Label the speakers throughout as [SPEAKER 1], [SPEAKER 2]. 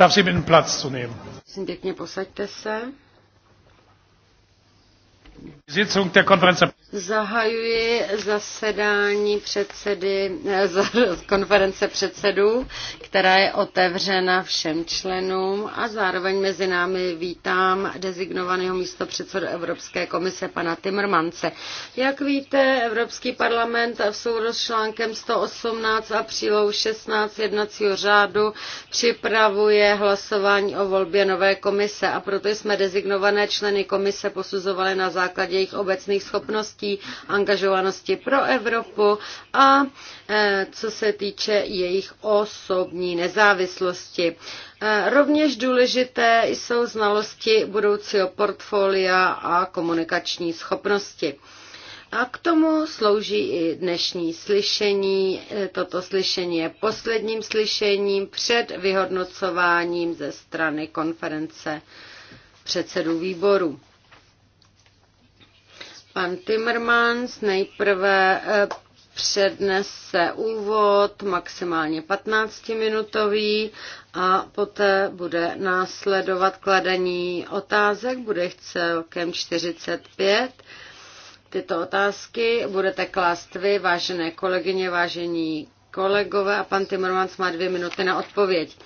[SPEAKER 1] Darf Sie bitten, Platz zu nehmen. Pěkně Sitzung der Konferenz Zahajuji zasedání předsedy, eh, konference předsedů, která je otevřena všem členům a zároveň mezi námi vítám dezignovaného místo předsedu Evropské komise pana Timmermance. Jak víte, Evropský parlament v souhru s článkem 118 a přílohou 16 jednacího řádu připravuje hlasování o volbě nové komise a proto jsme dezignované členy komise posuzovali na základě jejich obecných schopností možností angažovanosti pro Evropu a e, co se týče jejich osobní nezávislosti. E, rovněž důležité jsou znalosti budoucího portfolia a komunikační schopnosti. A k tomu slouží i dnešní slyšení. E, toto slyšení je posledním slyšením před vyhodnocováním ze strany konference předsedů výboru. Pan Timmermans nejprve eh, přednese úvod, maximálně 15-minutový, a poté bude následovat kladení otázek, bude jich celkem 45. Tyto otázky budete klást vy, vážené kolegyně, vážení kolegové, a pan Timmermans má dvě minuty na odpověď.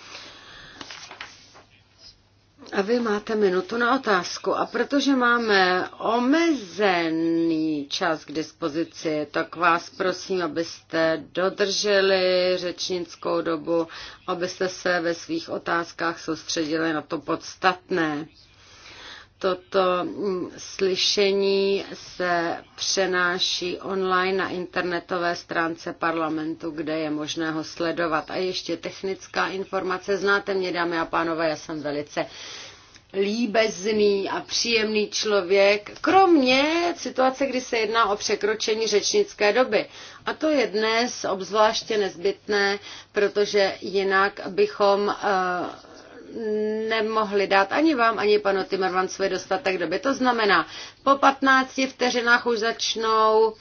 [SPEAKER 1] A vy máte minutu na otázku. A protože máme omezený čas k dispozici, tak vás prosím, abyste dodrželi řečnickou dobu, abyste se ve svých otázkách soustředili na to podstatné. Toto mm, slyšení se přenáší online na internetové stránce parlamentu, kde je možné ho sledovat. A ještě technická informace. Znáte mě, dámy a pánové, já jsem velice líbezný a příjemný člověk, kromě situace, kdy se jedná o překročení řečnické doby. A to je dnes obzvláště nezbytné, protože jinak bychom uh, nemohli dát ani vám, ani panu Timmermansovi dostatek doby. To znamená, po 15 vteřinách už začnou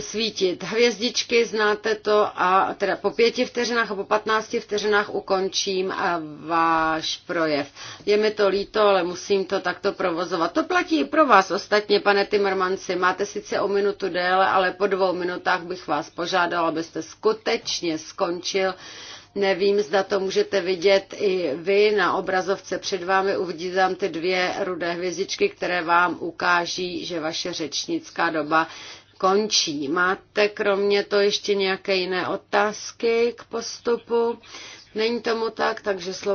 [SPEAKER 1] svítit hvězdičky, znáte to, a teda po pěti vteřinách a po 15 vteřinách ukončím a váš projev. Je mi to líto, ale musím to takto provozovat. To platí i pro vás ostatně, pane Timmermansi. Máte sice o minutu déle, ale po dvou minutách bych vás požádal, abyste skutečně skončil Nevím, zda to můžete vidět i vy na obrazovce před vámi. Uvidíte tam ty dvě rudé hvězdičky, které vám ukáží, že vaše řečnická doba končí. Máte kromě to ještě nějaké jiné otázky k postupu? Není tomu tak, takže slovo